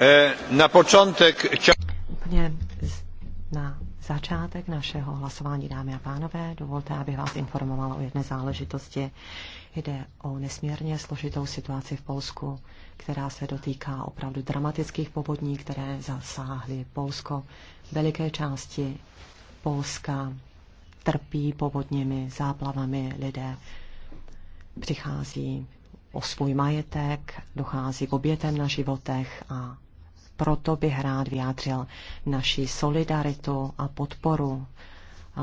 Eh, na počátek... Úplně na začátek našeho hlasování, dámy a pánové, dovolte, abych vás informovala o jedné záležitosti. Jde o nesmírně složitou situaci v Polsku, která se dotýká opravdu dramatických povodní, které zasáhly Polsko. Veliké části Polska trpí povodněmi, záplavami lidé. Přichází o svůj majetek, dochází k obětem na životech a proto bych rád vyjádřil naši solidaritu a podporu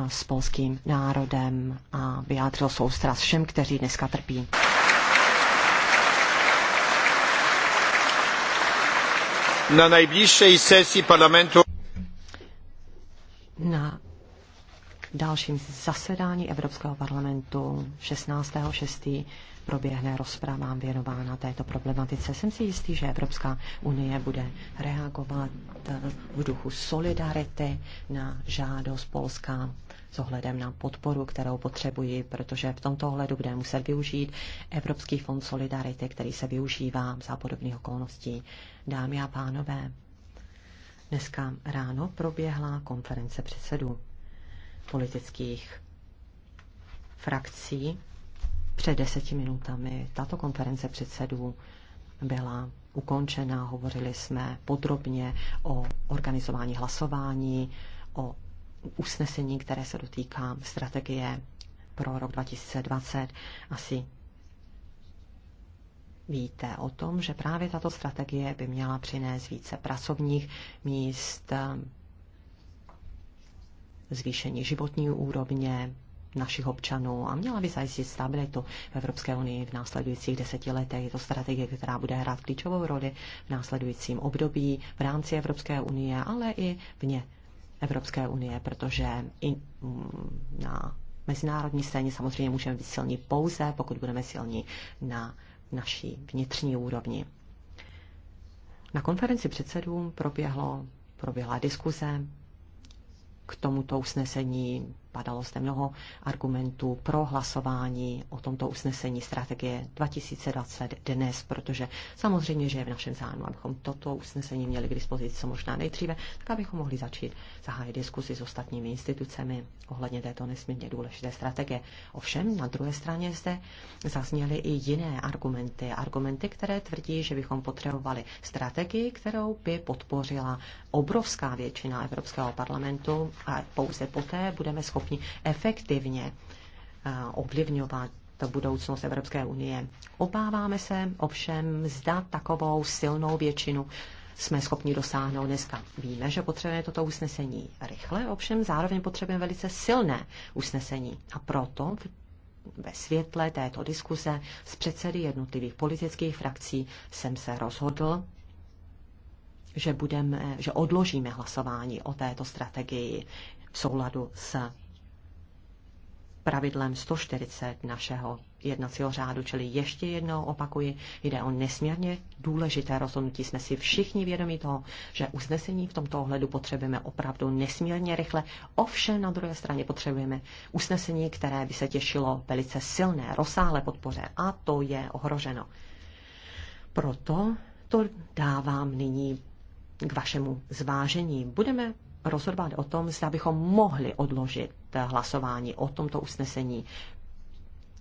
s polským národem a vyjádřil soustrast všem, kteří dneska trpí. Na nejbližší sesi parlamentu dalším zasedání Evropského parlamentu 16.6. proběhne rozprava věnována této problematice. Jsem si jistý, že Evropská unie bude reagovat v duchu solidarity na žádost Polska s ohledem na podporu, kterou potřebují, protože v tomto ohledu bude muset využít Evropský fond solidarity, který se využívá za podobných okolností. Dámy a pánové, dneska ráno proběhla konference předsedů politických frakcí. Před deseti minutami tato konference předsedů byla ukončena. Hovořili jsme podrobně o organizování hlasování, o usnesení, které se dotýká strategie pro rok 2020. Asi víte o tom, že právě tato strategie by měla přinést více pracovních míst, zvýšení životní úrovně našich občanů a měla by zajistit stabilitu v Evropské unii v následujících deseti letech. Je to strategie, která bude hrát klíčovou roli v následujícím období v rámci Evropské unie, ale i vně Evropské unie, protože i mm, na mezinárodní scéně samozřejmě můžeme být silní pouze, pokud budeme silní na naší vnitřní úrovni. Na konferenci předsedům proběhlo, proběhla diskuze k tomuto usnesení Padalo zde mnoho argumentů pro hlasování o tomto usnesení strategie 2020 dnes, protože samozřejmě, že je v našem zájmu, abychom toto usnesení měli k dispozici co možná nejdříve, tak abychom mohli začít zahájit diskusi s ostatními institucemi ohledně této nesmírně důležité strategie. Ovšem, na druhé straně zde zazněly i jiné argumenty. Argumenty, které tvrdí, že bychom potřebovali strategii, kterou by podpořila obrovská většina Evropského parlamentu a pouze poté budeme schopni schopni efektivně eh, ovlivňovat budoucnost Evropské unie. Obáváme se ovšem, zda takovou silnou většinu jsme schopni dosáhnout dneska. Víme, že potřebujeme toto usnesení rychle, ovšem zároveň potřebujeme velice silné usnesení. A proto ve světle této diskuze s předsedy jednotlivých politických frakcí jsem se rozhodl, že, budeme, že odložíme hlasování o této strategii v souladu s pravidlem 140 našeho jednacího řádu, čili ještě jednou opakuji, jde o nesmírně důležité rozhodnutí. Jsme si všichni vědomi toho, že usnesení v tomto ohledu potřebujeme opravdu nesmírně rychle. Ovšem na druhé straně potřebujeme usnesení, které by se těšilo velice silné, rozsáhlé podpoře a to je ohroženo. Proto to dávám nyní k vašemu zvážení. Budeme rozhodovat o tom, zda bychom mohli odložit eh, hlasování o tomto usnesení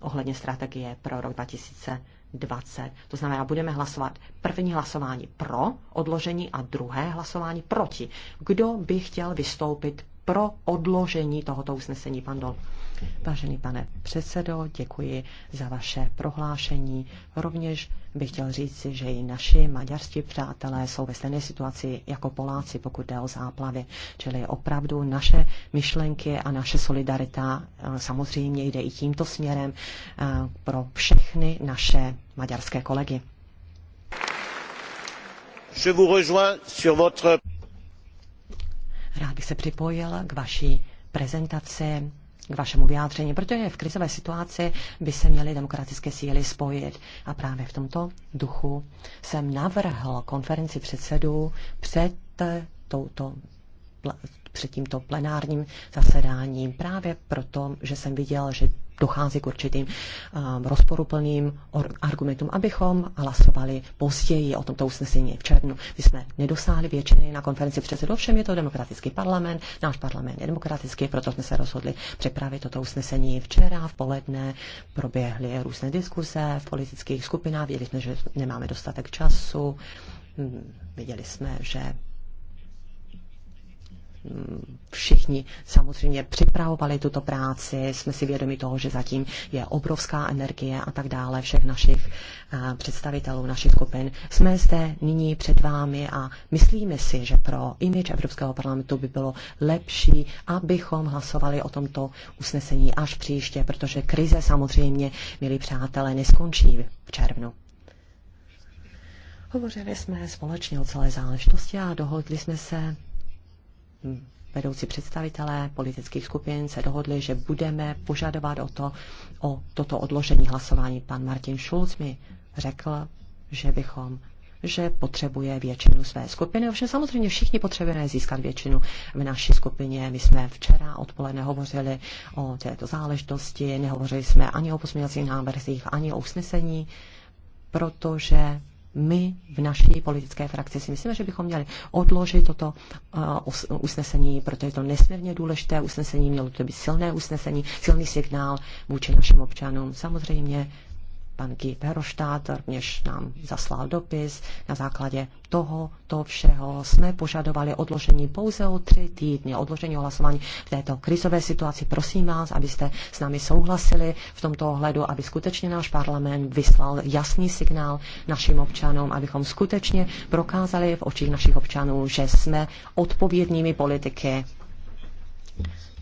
ohledně strategie pro rok 2020. To znamená, budeme hlasovat první hlasování pro odložení a druhé hlasování proti. Kdo by chtěl vystoupit pro odložení tohoto usnesení, pan Dol? Vážený pane předsedo, děkuji za vaše prohlášení. Rovněž bych chtěl říci, že i naši maďarští přátelé jsou ve stejné situaci jako Poláci, pokud jde o záplavy. Čili opravdu naše myšlenky a naše solidarita eh, samozřejmě jde i tímto směrem eh, pro všechny naše maďarské kolegy. Je vous rejoins sur votre... Rád bych se připojil k vaší prezentaci k vašemu vyjádření, protože v krizové situaci by se měly demokratické síly spojit. A právě v tomto duchu jsem navrhl konferenci předsedů před touto před tímto plenárním zasedáním právě proto, že jsem viděl, že dochází k určitým um, rozporuplným argumentům, abychom hlasovali později o tomto usnesení v červnu. My jsme nedosáhli většiny na konferenci předsedů, ovšem je to demokratický parlament, náš parlament je demokratický, proto jsme se rozhodli připravit toto usnesení včera v poledne. Proběhly různé diskuse, v politických skupinách, viděli jsme, že nemáme dostatek času, hmm, viděli jsme, že všichni samozřejmě připravovali tuto práci, jsme si vědomi toho, že zatím je obrovská energie a tak dále všech našich eh, představitelů, našich skupin. Jsme zde nyní před vámi a myslíme si, že pro image Evropského parlamentu by bylo lepší, abychom hlasovali o tomto usnesení až příště, protože krize samozřejmě, milí přátelé, neskončí v červnu. Hovořili jsme společně o celé záležitosti a dohodli jsme se vedoucí představitelé politických skupin se dohodli, že budeme požadovat o, to, o toto odložení hlasování. Pan Martin Schulz mi řekl, že bychom že potřebuje většinu své skupiny. Ovšem samozřejmě všichni potřebujeme získat většinu v naší skupině. My jsme včera odpoledne hovořili o této záležitosti, nehovořili jsme ani o pozměňovacích návrzích, ani o usnesení, protože my v naší politické frakci si myslíme, že bychom měli odložit toto eh, usnesení, protože je to nesmírně důležité usnesení, mělo to být silné usnesení, silný signál vůči našim občanům. Samozřejmě pan Guy Verhofstadt rovněž nám zaslal dopis. Na základě toho, to všeho jsme požadovali odložení pouze o tři týdny, odložení hlasování v této krizové situaci. Prosím vás, abyste s námi souhlasili v tomto ohledu, aby skutečně náš parlament vyslal jasný signál našim občanům, abychom skutečně prokázali v očích našich občanů, že jsme odpovědnými politiky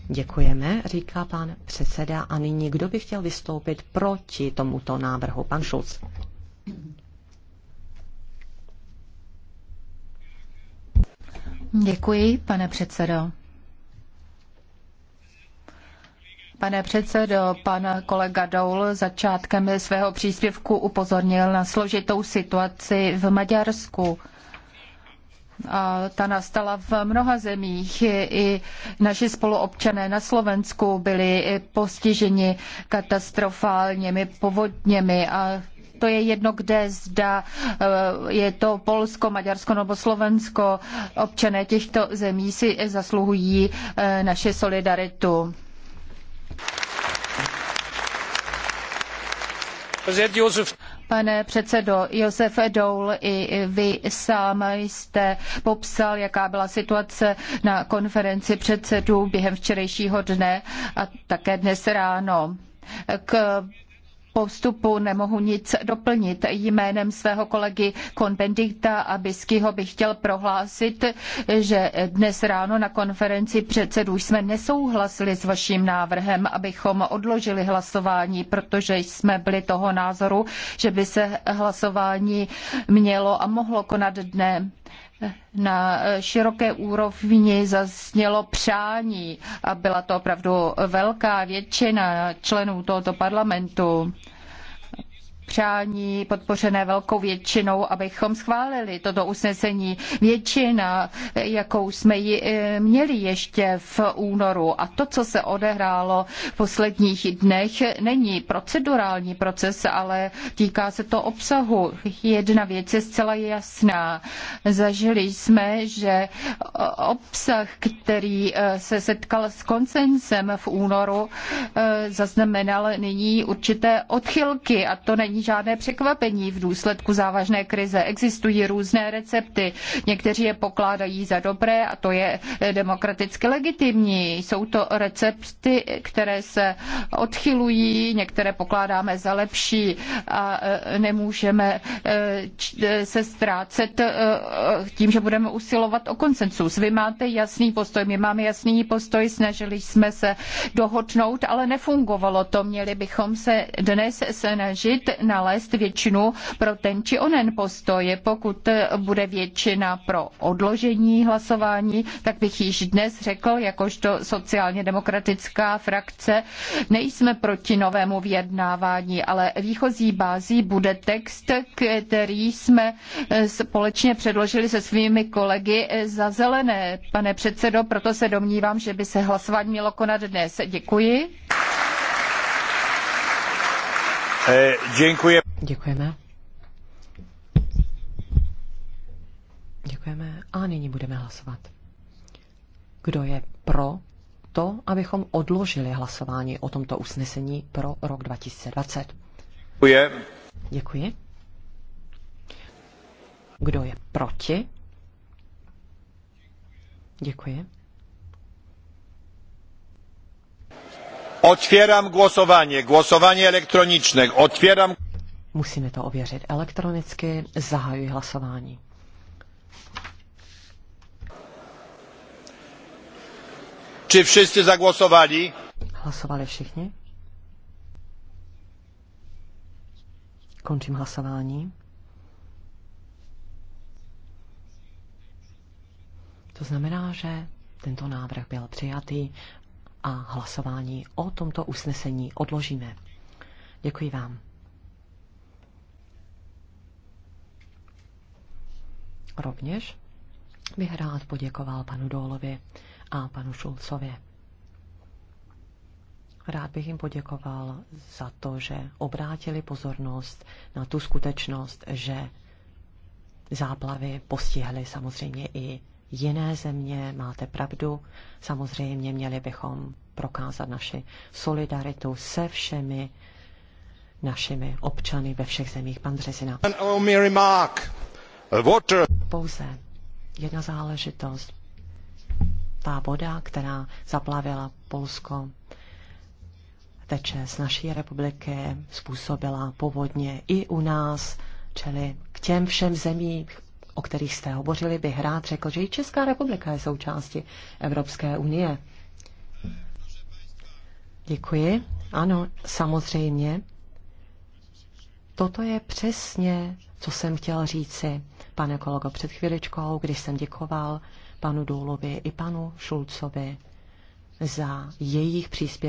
Děkujeme, říká pan předseda. A nyní kdo by chtěl vystoupit proti tomuto návrhu? Pan Šulc. Děkuji, pane předsedo. Pane předsedo, pan kolega Doul začátkem svého příspěvku upozornil na složitou situaci v Maďarsku a ta nastala v mnoha zemích. I naši spoluobčané na Slovensku byli postiženi katastrofálními povodněmi a to je jedno, kde zda eh, je to Polsko, Maďarsko nebo Slovensko. Občané těchto zemí si zasluhují eh, naši solidaritu. Pane předsedo, Josef Doul, i vy sám jste popsal, jaká byla situace na konferenci předsedů během včerejšího dne a také dnes ráno. K postupu nemohu nic doplnit. Jménem svého kolegy Konbendita a Biskyho bych chtěl prohlásit, že dnes ráno na konferenci předsedů jsme nesouhlasili s vaším návrhem, abychom odložili hlasování, protože jsme byli toho názoru, že by se hlasování mělo a mohlo konat dne na široké úrovni zaznělo přání a byla to opravdu velká většina členů tohoto parlamentu přání podpořené velkou většinou, abychom schválili toto usnesení. Většina, jakou jsme ji eh, měli ještě v únoru. A to, co se odehrálo v posledních dnech, není procedurální proces, ale týká se to obsahu. Jedna věc je zcela jasná. Zažili jsme, že eh, obsah, který eh, se setkal s konsenzem v únoru, zaznamenal nyní určité odchylky a to není není žádné překvapení. V důsledku závažné krize existují různé recepty. Někteří je pokládají za dobré a to je demokraticky legitimní. Jsou to recepty, které se odchylují, některé pokládáme za lepší a e, nemůžeme e, se ztrácet e, tím, že budeme usilovat o konsensus. Vy máte jasný postoj, my máme jasný postoj, snažili jsme se dohodnout, ale nefungovalo to. Měli bychom se dnes snažit nalézt většinu pro ten či onen postoj. Pokud bude většina pro odložení hlasování, tak bych již dnes řekl, jakožto sociálně demokratická frakce, nejsme proti novému vyjednávání, ale výchozí bází bude text, který jsme eh, společně předložili se svými kolegy eh, za zelené. Pane předsedo, proto se domnívám, že by se hlasování mělo konat dnes. Děkuji. Eh, Děkujeme. Děkujeme a nyní budeme hlasovat. Kdo je pro to, abychom odložili hlasování o tomto usnesení pro rok 2020? Děkuji. Děkuji. Kdo je proti? Děkuji. Otvírám głosowanie. Głosowanie elektroniczne. Otwieram. Musíme to ověřit elektronicky. Zahajuji hlasování. Czy wszyscy zagłosowali? Hlasovali všichni. Končím hlasování. To znamená, že tento návrh byl přijatý a hlasování o tomto usnesení odložíme. Děkuji vám. Rovněž bych rád poděkoval panu Dólovi a panu Šulcovi. Rád bych jim poděkoval za to, že obrátili pozornost na tu skutečnost, že záplavy postihly samozřejmě i jiné země, máte pravdu. Samozřejmě měli bychom prokázat naši solidaritu se všemi našimi občany ve všech zemích. Pan Březina. Oh, Pouze jedna záležitost. Ta voda, která zaplavila Polsko, teče z naší republiky, způsobila povodně i u nás, čili k těm všem zemím, o kterých jste hovořili, bych rád řekl, že i Česká republika je součástí Evropské unie. Děkuji. Ano, samozřejmě. Toto je přesně, co jsem chtěl říci, pane kolego, před chvíličkou, když jsem děkoval panu Důlovi i panu Šulcovi za jejich příspěvky.